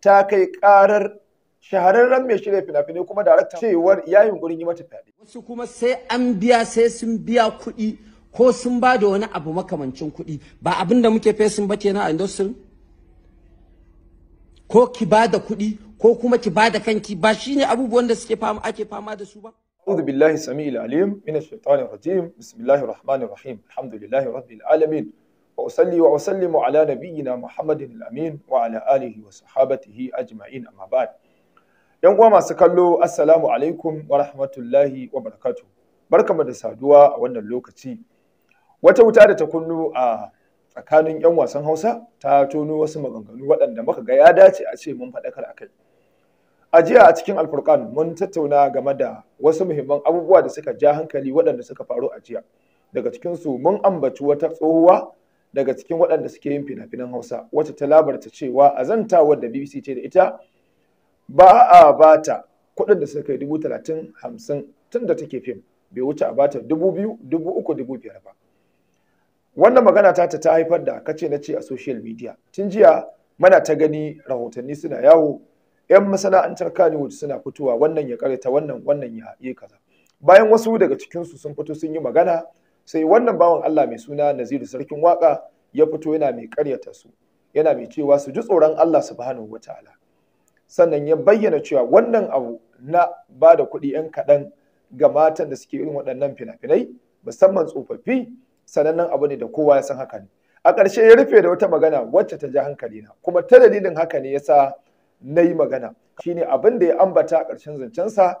ta kai karar shahararren mai shirya fina-finai kuma darakta cewar yayin gurin yi mata fyaɗe. Wasu kuma sai an biya sai sun biya kuɗi ko sun ba da wani abu makamancin kuɗi ba abin da muke fesin ba kenan a industry ko ki ba da kuɗi ko kuma ki ba da kanki ba shi ne abubuwan da suke ake fama da su ba. أعوذ بالله السميع العليم من الشيطان الرجيم بسم الله الرحمن الرحيم الحمد لله رب العالمين وأصلي وأسلم على نبينا محمد الأمين وعلى آله وصحابته أجمعين أما بعد ‘Yan uwa masu kallo, Assalamu alaikum wa rahmatullahi wa barakatu. Barkamu da saduwa a wannan lokaci. Wata wuta da ta kunnu a tsakanin ‘yan wasan Hausa ta tono wasu maganganu waɗanda muka ga ya dace a ce mun faɗakar a kai. A jiya a cikin Alfurkan mun tattauna game da wasu muhimman abubuwa da suka ja hankali waɗanda suka faru a jiya. Daga cikinsu mun ambaci wata tsohuwa daga cikin waɗanda suke yin fina-finan Hausa wacce ta labarta cewa a zantawar da BBC ce da ita ba a bata kuɗin da suka yi dubu talatin hamsin tun da take fim bai wuce a bata dubu biyu dubu uku dubu biyar ba wannan magana ta ta haifar da kace na ce a social media tun jiya mana ta gani rahotanni suna yawo 'yan masana'antar Kannywood suna fitowa wannan ya karyata wannan wannan ya yi kaza bayan wasu daga cikinsu sun fito sun yi magana sai wannan bawan Allah mai suna Naziru sarkin waka ya fito yana mai karyata su yana mai cewa su ji tsoron Allah subhanahu wataala sannan ya bayyana cewa wannan abu na ba da kuɗi 'yan kaɗan ga matan da suke irin waɗannan fina-finai musamman tsofaffi sanannen abu ne da kowa ya san haka ne a ƙarshe ya rufe da wata magana wacce ta ja hankali na kuma ta dalilin haka ne yasa na yi magana shine abin da ya ambata a ƙarshen zancensa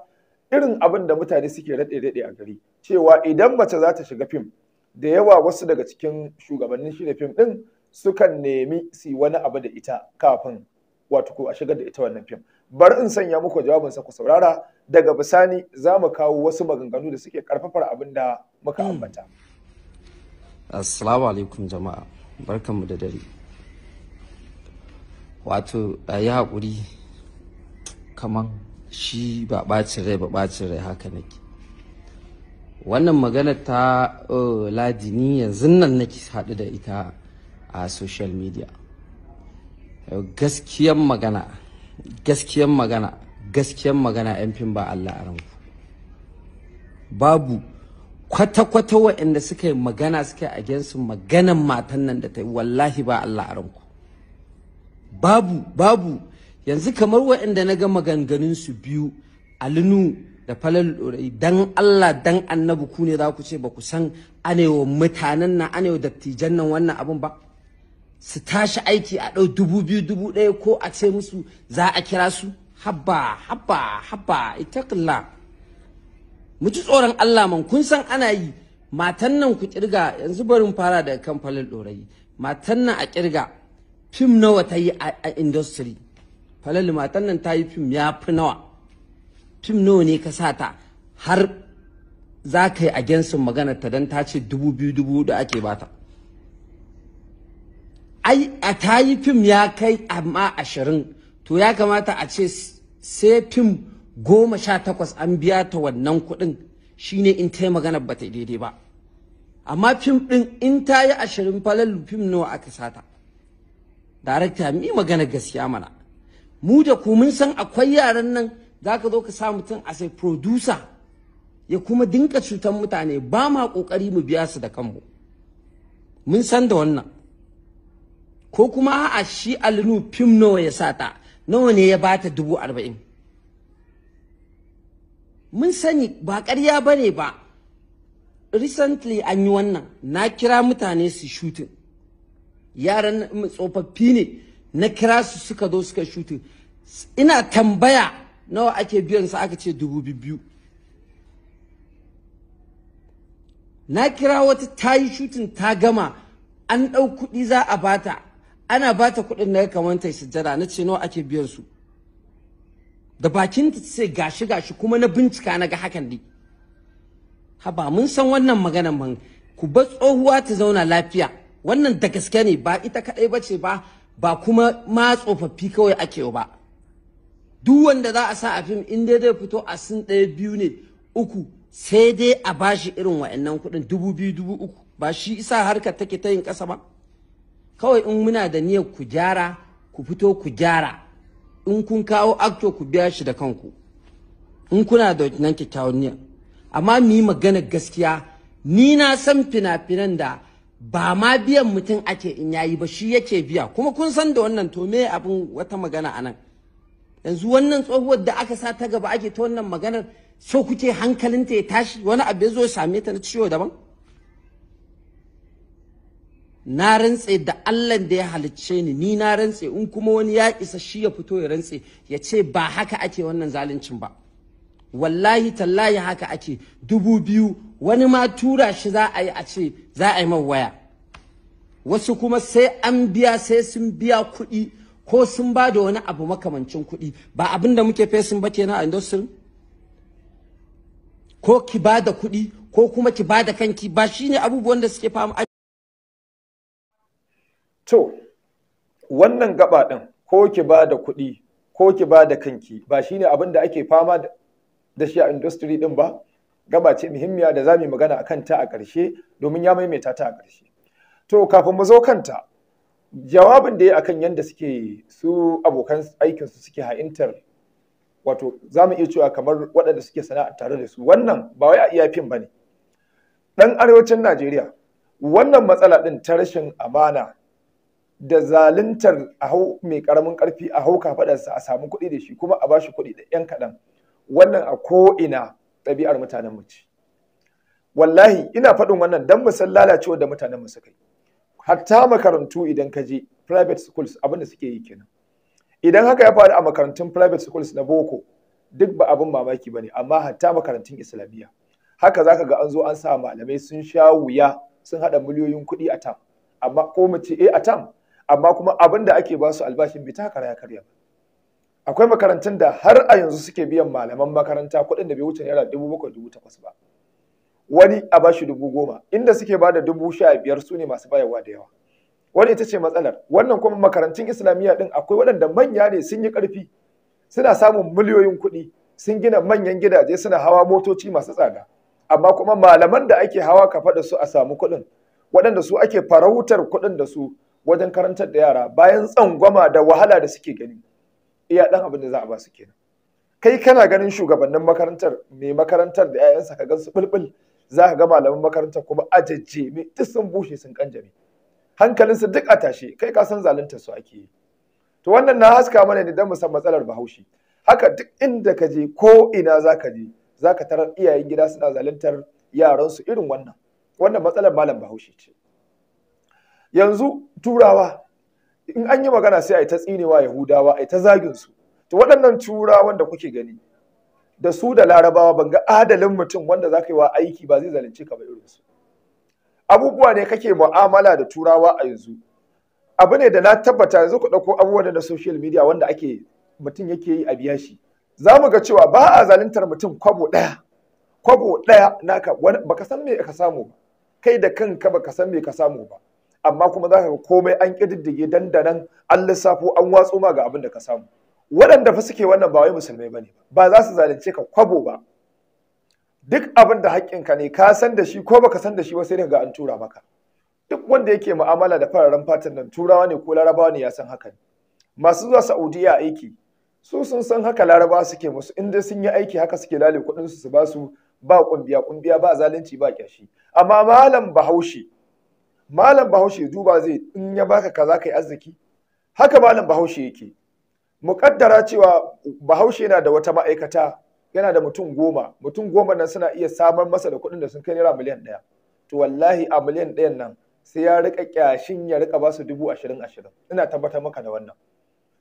irin abin da mutane suke raɗe-raɗe a gari cewa idan mace za ta shiga fim da yawa wasu daga cikin shugabannin shirya fim ɗin sukan nemi su wani abu da ita kafin wato ko a shigar da ita wannan fim bari in sanya muku jawabin sa ku saurara daga bisani za mu kawo wasu maganganu da suke karfafar abin da muka ambata assalamu alaikum jama'a barkanmu da dare wato a yi haƙuri kaman shi ba ɓacin rai ba ɓacin rai haka nake wannan magana ta ladini yanzu nan nake haɗu da ita a social media gaskiyan magana gaskiyan magana gaskiyan magana yan fin ba Allah a ranku babu kwata-kwata waɗanda suka yi magana suka yi against maganan matan nan da ta yi wallahi ba Allah a ranku babu babu yanzu kamar waɗanda na ga maganganunsu biyu alinu da falal ɗorayi dan Allah dan annabi ku ne za ku ce ba ku san anewa mutanen nan anewa dattijan nan wannan abun ba su tashi aiki a ɗau dubu biyu dubu ɗaya ko a ce musu za a kira su habba habba habba itakalla mu tsoron Allah man kun san ana yi matan nan ku kirga yanzu barin fara daga kan falal ɗorayi matan nan a kirga fim nawa ta yi a industry falal matan nan ta yi fim ya fi nawa fim nawa ne ka sata har za ka yi agensin maganar ta don ta ce dubu biyu dubu da ake bata ai a ta yi fim ya kai amma ashirin to ya kamata a ce sai fim goma sha takwas an biya ta wannan kuɗin shine in ta yi maganar ba ta daidai ba amma fim ɗin in ta yi ashirin falal fim nawa aka sata darakta mi magana gaskiya mana mu da ku mun san akwai yaran nan za ka zo ka sa mutum a sai producer ya kuma dinka cutar mutane ba ma ƙoƙari mu biya su da kanmu mun san da wannan ko kuma a shi alinu fim nawa ya sata nawa ne ya ba ta dubu arba'in mun sani ba karya ba ne ba recently an yi wannan na kira mutane su shutin yaran tsofaffi ne na kira su suka zo suka shutin ina tambaya nawa ake biyan sa aka ce dubu biyu na kira wata ta yi shutin ta gama an ɗau kuɗi za a bata ana bata kuɗin na kamanta sujjada na ce nawa ake biyan su da bakin ta ce gashi gashi kuma na bincika na ga hakan dai haba mun san wannan maganan man ku bar tsohuwa ta zauna lafiya wannan da gaske ne ba ita kaɗai ba ce ba ba kuma ma tsofaffi kawai ake ba duk wanda za a sa a fim in dai zai fito a sun ɗaya biyu ne uku sai dai a bashi irin wa'annan kuɗin dubu biyu dubu uku ba shi isa harkar take ta yin ƙasa ba kawai in muna da niyyar ku gyara ku fito ku gyara in kun kawo akto ku biya shi da kanku in kuna da nan kyakkyawan niyyar amma mu yi maganar gaskiya ni na san fina-finan da ba ma biyan mutum ake in yayi ba shi yake biya kuma kun san da wannan to me abin wata magana anan yanzu wannan tsohuwar da aka sa ta gaba ake ta wannan maganar so kuke hankalinta ya tashi wani abu ya zo same ta na ciwo daban na rantse da Allah da ya halicce ni ni na rantse in kuma wani ya isa shi ya fito ya rantse ya ce ba haka ake wannan zaluncin ba wallahi tallahi haka ake dubu biyu wani ma tura shi za a yi a ce za a yi man waya wasu kuma sai an biya sai sun biya kuɗi ko sun ba da wani abu makamancin kuɗi ba abin da muke fesin ba na a industry ko ki ba da kuɗi ko kuma ki ba da kanki ba shine abubuwan da suke fama to wannan gaba ɗin ko ki ba da kuɗi ko ki ba da kanki ba shine abin da ake fama da shi a industry ɗin ba gaba ce muhimmiya da za mu yi magana a kanta a ƙarshe domin ya maimaita ta a ƙarshe to kafin mu zo kanta jawabin da ya akan yadda suke su abokan aikinsu suke ha'intar wato za mu iya cewa kamar waɗanda suke sana'a tare da su wannan ba wai a iya fim ba ne ɗan arewacin najeriya wannan matsala ɗin ta rashin amana da zaluntar a hau mai ƙaramin ƙarfi a hau kafaɗarsa a samu kuɗi da shi kuma a bashi kuɗi da ‘yan kaɗan wannan a ko'ina ɗabi'ar mutanen mu ce wallahi ina faɗin wannan don mu san lalacewa da mutanen mu suka yi hatta makarantu idan ka je private schools abin da suke yi kenan idan haka ya faru a makarantun private schools na boko duk ba abin mamaki ba ne, amma hatta makarantun islamiyya haka zaka ga an zo an sa malamai sun sha wuya sun hada miliyoyin kuɗi a tam amma ko mu ce eh a tam amma kuma abin da ake ba su albashin bai taka ya karya akwai makarantun da har a yanzu suke biyan malaman makaranta kuɗin da bai wuce naira dubu bakwai dubu takwas ba wani a ba shi dubu goma inda suke ba da dubu sha biyar su ne masu bayarwa da yawa wani ita ce matsalar wannan kuma makarantun islamiyya din akwai waɗanda manya ne sun yi ƙarfi suna samun miliyoyin kuɗi sun gina manyan gidaje suna hawa motoci masu tsada amma kuma malaman da ake hawa ka faɗa su a samu kuɗin waɗanda su ake farautar kuɗin da su wajen karantar da yara bayan tsangwama da wahala da suke gani iya ɗan abin da za a ba su kenan kai kana ganin shugabannin makarantar mai makarantar da 'ya'yansa ka gan su bulbul za ka ga malaman makarantar kuma ajajje me duk sun bushe sun kanjame hankalinsu duk a tashe kai ka san zalunta su ake yi to wannan na haska mana ne don mu san matsalar bahaushe haka duk inda ka je ko ina za ka je za ka tarar iyayen gida suna zaluntar yaransu irin wannan wannan matsalar malam bahaushe ce yanzu turawa in an yi magana sai a yi ta tsinewa yahudawa a yi ta zagin su to waɗannan turawan da kuke gani da su da larabawa ban ga adalin mutum wanda za ka yi wa aiki ba zai zalunce ka ba irin su abubuwa ne kake mu'amala da turawa a yanzu abu ne da na tabbata yanzu ku ɗauko abubuwan da na social media wanda ake mutum yake yi a biya shi za mu ga cewa ba a zaluntar mutum kwabo ɗaya kwabo ɗaya naka ba ka san me ka samu ba kai da kanka ba ka san me ka samu ba amma kuma za ka komai an ƙididdige dandanan an lissafo an watso ma ga abin da ka samu waɗanda fa suke wannan ba wai musulmai bane ba za su zalunce ka kwabo ba duk abin da haƙƙinka ne ka san da shi ko baka san da shi ba sai daga an tura maka duk wanda yake mu'amala da fararen fatan nan turawa ne ko larabawa ne ya san haka ne masu zuwa saudiya aiki su sun san haka larabawa suke musu in dai sun yi aiki haka suke lale kuɗin su su ba su ba kumbiya ba zalunci ba kyashi amma malam bahaushe malam bahaushe duba zai in ya baka kaza kai arziki haka malam bahaushe yake Mukaddara cewa bahaushe yana da wata ma'aikata yana da mutum goma mutum goma nan suna iya samar masa da kuɗin da sun kai naira miliyan ɗaya to wallahi a miliyan ɗayan nan sai ya rika kyashin ya rika basu dubu ashirin ashirin ina tabbatar maka da wannan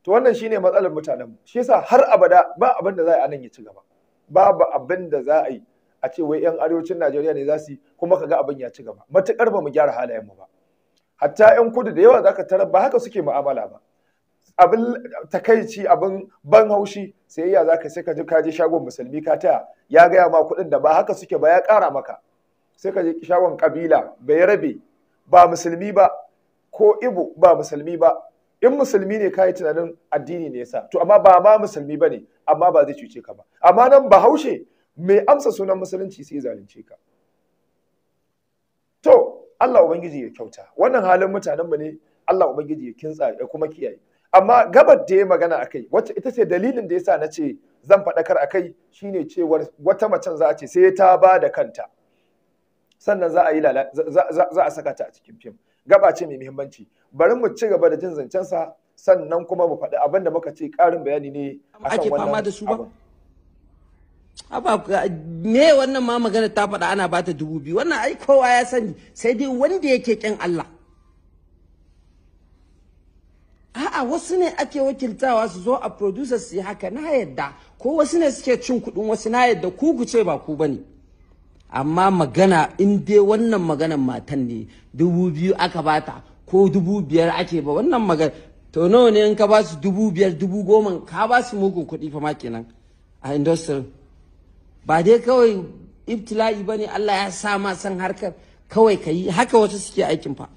to wannan ne matsalar mutanenmu shi yasa har abada ba abin da za a nan ya ci gaba babu abin da za a yi a ce wai yan arewacin Najeriya ne za su yi kuma kaga abin ya ci gaba matukar ba mu gyara halayenmu ba hatta yan kudu da yawa zaka tarar ba haka suke mu'amala ba abin takaici abin ban haushi sai ya zaka sai ka ji ka je shagon musulmi ka taya ya gaya ma kuɗin da ba haka suke ba ya kara maka sai ka je shagon kabila bai rabe ba musulmi ba ko ibo ba musulmi ba in musulmi ne ka yi tunanin addini ne yasa to amma ba ma musulmi ba ne amma ba zai cuce ka ba amma nan ba haushe mai amsa sunan musulunci sai zalunce ka to Allah ubangiji ya kyauta wannan halin mutanenmu ne Allah ubangiji ya kintsa ya kuma kiyaye amma gabar da ya magana a kai wacce ita ce dalilin da yasa na ce zan faɗakar a kai shine cewar wata macen za a ce sai ta ba da kanta sannan za a yi za a saka ta a cikin fim gaba ce mai muhimmanci bari mu ci gaba da jin zancensa sannan kuma mu faɗi abin da muka ce ƙarin bayani ne kan wannan Aba me wannan ma magana ta faɗa ana bata dubu biyu wannan ai kowa ya sani sai dai wanda yake ƙin Allah a'a wasu ne ake wakiltawa su zo a producers su yi haka na yadda ko wasu ne suke cin kuɗin wasu na yadda ku ku ba ku bane amma magana in dai wannan maganan matan ne dubu biyu aka bata ko dubu biyar ake ba wannan magana to nawa ne in ka ba dubu biyar dubu goma ka ba mugun kuɗi fa ma kenan a industry ba dai kawai ibtila'i bane Allah ya sa ma san harkar kawai ka yi haka wasu suke aikin fa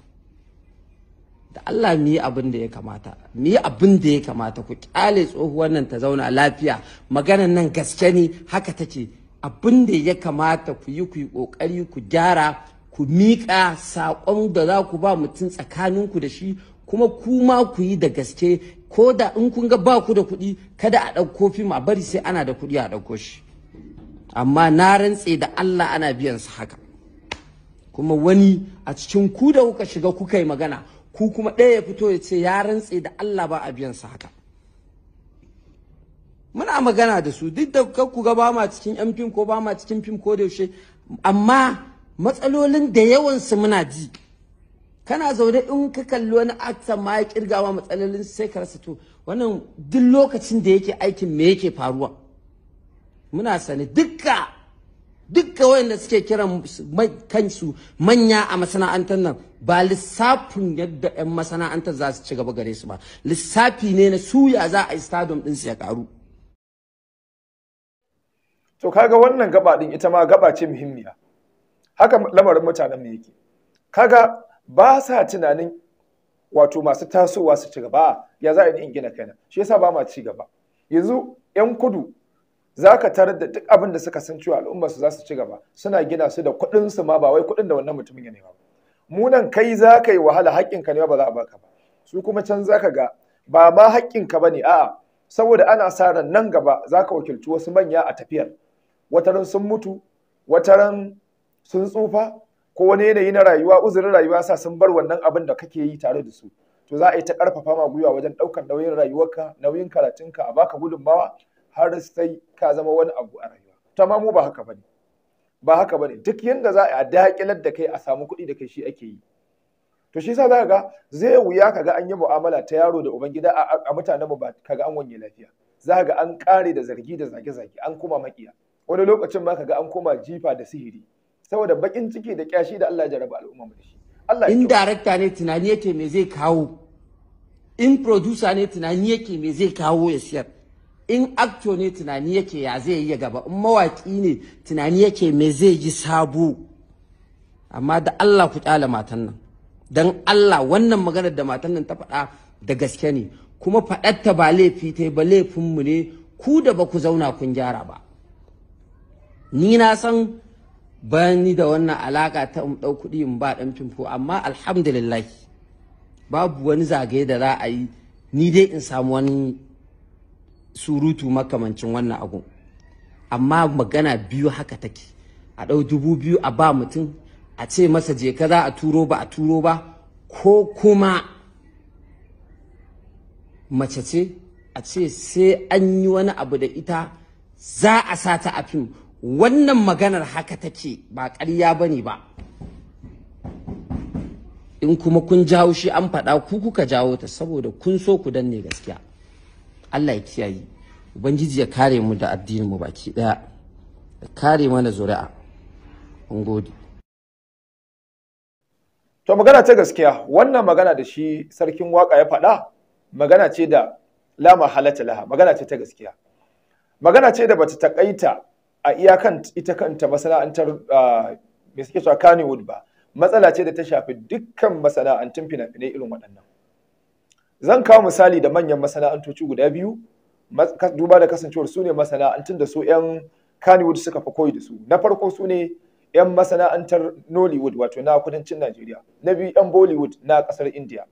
da Allah mu yi abin da ya kamata mu yi abin da ya kamata ku kyale tsohuwar nan ta zauna lafiya maganan nan gaske ne haka take abin da ya kamata ku yi ku yi kokari ku gyara ku miƙa saƙon da za ku ba mutum tsakaninku da shi kuma kuma ku yi da gaske ko da in kun ga ba ku da kuɗi kada a ɗauko fim a bari sai ana da kuɗi a ɗauko shi amma na rantse da Allah ana biyan su haka kuma wani a cikin ku da kuka shiga kuka yi magana ku kuma ɗaya ya fito ya ce ya rantse da Allah ba a biyan sa haka muna magana da su duk da ku ga ba ma cikin yan fim ko ba ma cikin fim ko da yaushe amma matsalolin da yawansu muna ji kana zaune in ka kalli wani akta ma ya kirgawa matsalolin sai ka rasa to wannan duk lokacin da yake aikin me yake faruwa muna sani dukka dukkan wayanda suke kiran kansu manya a masana'antar nan ba lissafin yadda 'yan masana'antar za su ci gaba gare su ba lissafi ne na suya za a yi stadium din su ya karu to kaga wannan gaba din ita ma gaba ce muhimmiya haka lamarin mutanen mu yake kaga ba sa tunanin wato masu tasowa su ci gaba ya za a yi in gina kaina shi yasa ba ma ci gaba yanzu 'yan kudu za ka tarar da duk abin da suka san cewa al'umma su za su ci gaba suna gina su da kuɗin su ma ba wai kuɗin da wannan mutumin ya nema ba munan kai za ka yi wahala haƙƙinka ne ba za a baka ba su kuma can za ka ga ba ma haƙƙinka ba ne a'a saboda ana sa ran nan gaba za ka wakilci wasu manya a tafiyar wataran sun mutu wataran sun tsufa ko wani yanayi na rayuwa uzurin rayuwa sa sun bar wannan abin da kake yi tare da su to za a yi ta ƙarfafa ma gwiwa wajen ɗaukar nauyin rayuwarka nauyin karatunka a baka gudunmawa har sai ka zama wani abu a rayuwa ta mu ba haka bane ba haka bane duk yanda za a daƙilar da kai a samu kuɗi da kai shi ake yi to shi yasa zaka ga zai wuya kaga an yi mu'amala ta yaro da ubangida a mutanen mu ba kaga an wanye lafiya zaka ga an kare da zargi da zage-zage an koma makiya wani lokacin ma kaga an koma jifa da sihiri saboda baƙin ciki da ƙyashi da Allah ya jaraba al'umma mu da shi Allah in director ne tunani yake me zai kawo in producer ne tunani yake me zai kawo ya siyar in acto ne tunani yake ya zai yi gaba in mawaki ne tunani yake me zai yi sabu amma da Allah ku kyale matan nan dan Allah wannan maganar da matan nan ta faɗa da gaske ne kuma faɗatta ba laifi tai ba mu ne ku da ba ku zauna kun gyara ba ni na san bani da wannan alaka ta in dau kuɗi in ba ɗan fimfo amma alhamdulillah babu wani zagaye da za a yi ni dai in samu wani surutu makamancin wannan abu amma magana biyu haka take a ɗau dubu biyu a ba mutum a ce masa je za a turo ba a turo ba ko kuma mace ce a ce sai an yi wani abu da ita za a sa ta a fim wannan maganar haka take ba ƙarya ba ne ba in kuma kun jawo shi an faɗa ku kuka jawo ta saboda kun so ku danne gaskiya Allah ya kiyaye ubangiji ya kare mu da addinin mu baki daya ya kare mana zuri'a mun gode to magana ta gaskiya wannan magana da shi sarkin waka ya faɗa magana ce da la mahalata laha magana ce ta gaskiya magana ce da bata takaita a iyakan ita kanta masana'antar me suke cewa Kannywood ba matsala ce da ta shafi dukkan masana'antun fina-finai irin waɗannan zan kawo misali da manyan masana'antoci guda biyu duba da kasancewar su ne masana'antun da su 'yan kanewood suka fi koyi da su na farko su ne 'yan masana'antar Nollywood wato na kudancin Najeriya na biyu 'yan Bollywood na kasar India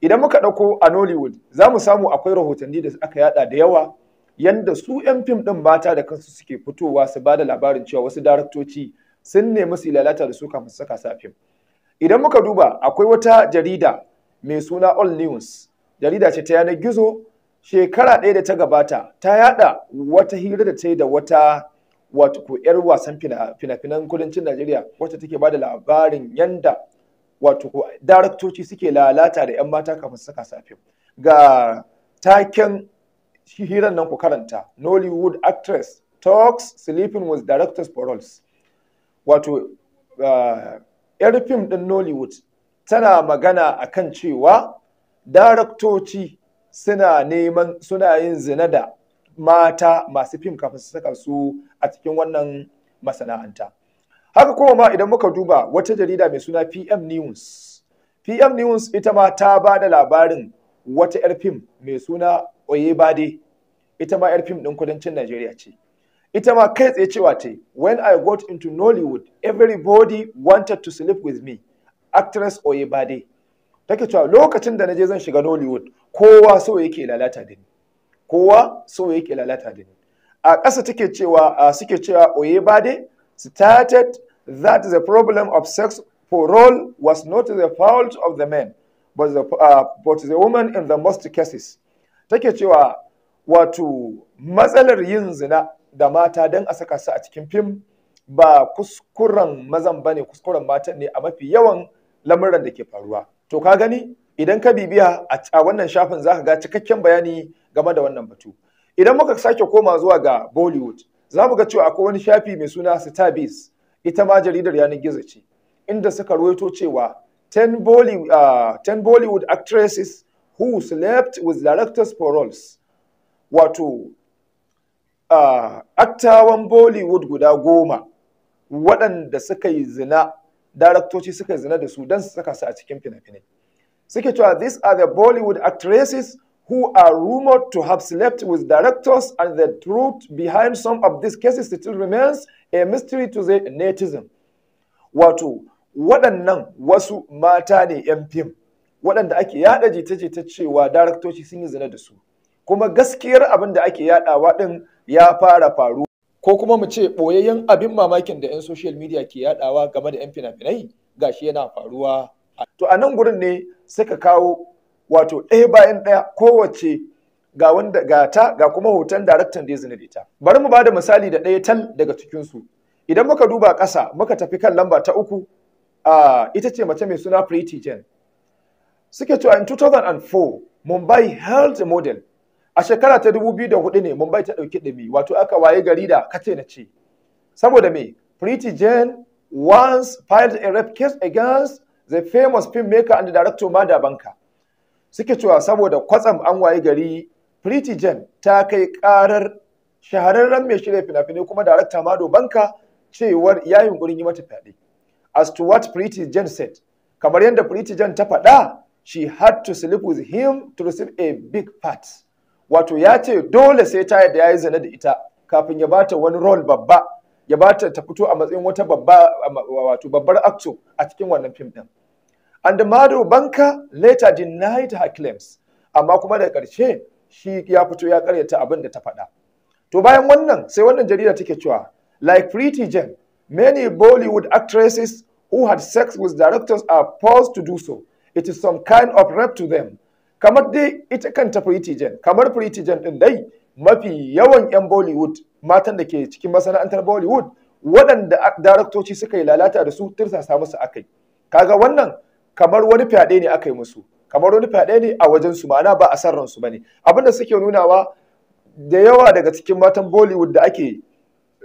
idan muka ɗauko a Nollywood za mu samu akwai rahotanni da aka yada da yawa yanda su 'yan fim ɗin mata da kansu suke fitowa su ba da labarin cewa wasu daraktoci sun nemi su lalata da su kafin su saka sa fim idan muka duba akwai wata jarida mai suna All News jarida ce ta yanar gizo shekara ɗaya da ta gabata ta yada wata hira da ta yi da wata wato ko yar wasan fina-finan kudancin Najeriya wacce take ba da labarin yanda wato ko daraktoci suke lalata da 'yan mata kafin su saka safe ga taken hirar nan ku karanta Nollywood actress talks sleeping with directors for roles wato yar ah, fim din Nollywood tana magana akan cewa daraktoci suna neman suna yin zina da mata masu fim kafin su saka su a cikin wannan masana'anta haka kuma ma idan muka duba wata jarida mai suna pm news pm news ita ma ta ba da labarin wata 'yar fim mai suna oyebade ita ma 'yar fim ɗin kudancin najeriya ce ita ma kai tsaye cewa ce, when i got into nollywood everybody wanted to sleep with me actress oyebade take cewa lokacin da naje zan shiga Nollywood kowa so yake lalata da ni kowa so yake lalata da ni a ƙasa take cewa suke cewa Oyebade started that the problem of sex for all was not the fault of the men but the, uh, but the woman in the most cases take cewa wato matsalar yin zina da mata don a saka su a cikin fim ba kuskuren mazan bane kuskuren matan ne a mafi yawan lamuran da ke faruwa to ka gani idan ka bibiya a wannan shafin za ka ga cikakken bayani game da wannan batu idan muka sake koma zuwa ga Bollywood za mu ga cewa akwai wani shafi mai suna Starbase ita ma jaridar yanar gizo ce inda suka ruwaito cewa 10 10 ah, Bollywood actresses who slept with directors for roles wato uh, ah, aktawan Bollywood guda goma waɗanda suka yi zina daraktoci suka zina da su don su saka su a cikin fina-finai suke cewa these are the bollywood actresses who are rumored to have slept with directors and the truth behind some of these cases still remains a mystery to the netizen wato waɗannan wasu mata ne 'yan fim waɗanda ake yada jita-jita cewa daraktoci sun yi zina da su kuma gaskiyar abin da ake yaɗawa ɗin ya fara faru. ko kuma mu ce ɓoyayyen abin mamakin da 'yan social media ke yadawa game da 'yan fina-finai gashi yana faruwa to a nan gurin ne suka kawo wato ɗaya bayan ɗaya kowace ga wanda ga ta ga kuma hoton daraktan da da ita bari mu bada misali da ɗaya tal daga cikin su idan muka duba ƙasa muka tafi kan lamba ta uku uh, ita ce mace mai suna Pretty jen suke cewa in 2004 Mumbai Health Model a shekara ta dubu biyu da hudu ne Mumbai ta ɗauki ɗumi wato aka waye gari da kace na ce saboda me Pretty Jane once filed a rape case against the famous filmmaker and director Mada Banka suke cewa saboda kwatsam an waye gari Pretty Jane ta kai karar shahararren mai shirya fina-finai kuma darakta Mado Banka cewar ya yunkurin yi mata fyaɗe. As to what Pretty Jane said, kamar yadda Pretty Jane ta faɗa, she had to sleep with him to receive a big part. wato ya ce dole sai ta yadda ya yi zina da ita kafin ya bata wani rol babba ya bata ta fito a matsayin wata wato babbar acto a cikin wannan fim din and Mado Banka later denied her claims amma kuma da ƙarshe shi ya fito ya karyata abin da ta faɗa to bayan wannan sai wannan jarida take cewa like Pretty jen many Bollywood actresses who had sex with directors are forced to do so it is some kind of rape to them kamar dai ita kanta Pretty kamar Pretty ɗin din dai mafi yawan 'yan Bollywood matan da ke cikin masana'antar Bollywood waɗanda daraktoci suka yi lalata da su tirsasa musu akai kaga wannan kamar wani fyaɗe ne aka yi musu kamar wani fyaɗe ne a wajen su ma'ana ba a san ransu bane abinda suke nunawa da yawa daga cikin matan Bollywood da ake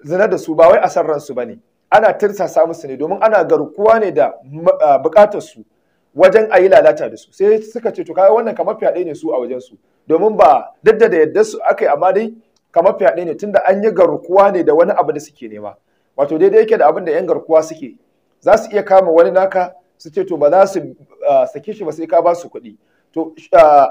zina da su ba wai a san ransu bane ana tirsasa musu ne domin ana garkuwa ne da bukatar su wajen a yi lalata da su sai suka ce to kai wannan kamar fyaɗe ne su a wajen su domin ba dadda da yadda su aka yi amma dai kamar fyaɗe ne tunda an yi garkuwa ne da wani abu da suke nema wato daidai yake da abin da yan garkuwa suke za su iya kama wani naka su ce to ba za su sake shi ba sai ka ba su kuɗi to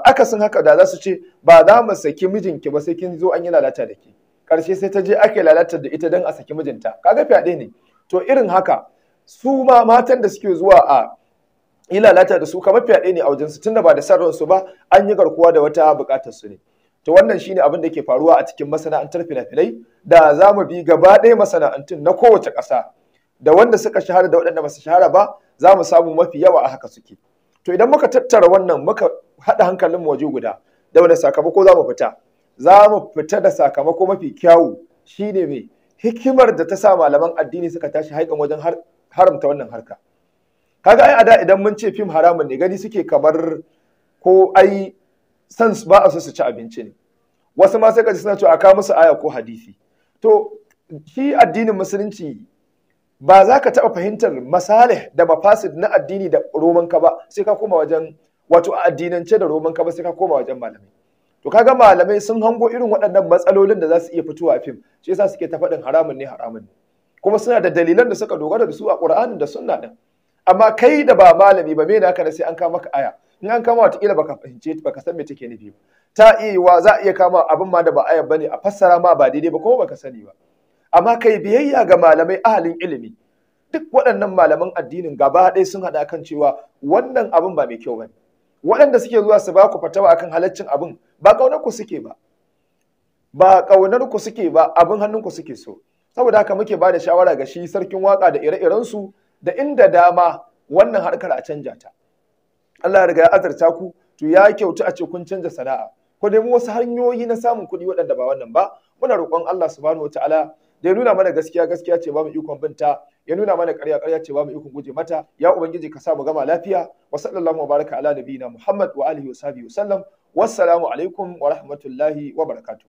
akasin haka da za su ce ba za mu saki mijinki ba sai kin zo an yi lalata da ke ƙarshe sai ta je aka lalata da ita don a saki mijinta kaga fyaɗe ne to irin haka su ma matan da suke zuwa a lalata da su kamar fyaɗe ne a wajen su tunda ba da san ransu ba an yi garkuwa da wata buƙatar su ne to wannan shine abin da ke faruwa a cikin masana'antar fina-finai da za mu bi gaba ɗaya masana'antun na kowace ƙasa da wanda suka shahara da waɗanda ba su shahara ba za mu samu mafi yawa a haka suke to idan muka tattara wannan muka haɗa hankalin waje guda da wani sakamako za mu fita za mu fita da sakamako mafi kyawu shine mai hikimar da ta sa malaman addini suka tashi haikan wajen haramta wannan harka kaga ai ada idan mun ce fim haramun ne gani suke kamar ko ai san ba a so su ci abinci ne wasu ma sai kaji suna cewa aka musu aya ko hadisi to shi addinin musulunci ba za ka taɓa fahimtar masalih da mafasid na addini da romanka ba sai ka koma wajen wato addinance da romanka ba sai ka koma wajen malamai to kaga malamai sun hango irin waɗannan matsalolin da za su iya fitowa a fim shi yasa suke ta faɗin haramun ne haramun ne kuma suna da dalilan da suka dogara da su a Qur'ani da sunna din amma kai da ba malami ba me da haka sai an kawo maka aya in an kama kila baka fahimce baka san me take nufi ba ta iya wa za a iya kama abin ma da ba aya bane a fassara ma ba daidai ba kuma baka sani ba amma kai biyayya ga malamai ahalin ilimi duk waɗannan malaman addinin gaba ɗaya sun haɗa kan cewa wannan abin ba mai kyau bane waɗanda suke zuwa su ba ku fatawa akan halaccin abin ba ƙaunar ku suke ba ba ƙaunar ku suke ba abin hannun ku suke so saboda haka muke ba da shawara ga shi sarkin waka da ire-irensu da inda dama wannan harkar a canja ta Allah ya riga ya azarta ku to ya kyautu a ce kun canja sana'a ko dai mu wasu hanyoyi na samun kuɗi waɗanda ba wannan ba muna roƙon Allah subhanahu wataala da ya nuna mana gaskiya gaskiya ce ba mu ikon binta ya nuna mana ƙarya ƙarya ce ba mu ikon guje mata ya ubangiji ka sa mu gama lafiya wa sallallahu baraka ala nabiyina muhammad wa alihi wa sahbihi wa sallam wassalamu alaikum wa rahmatullahi wa barakatuh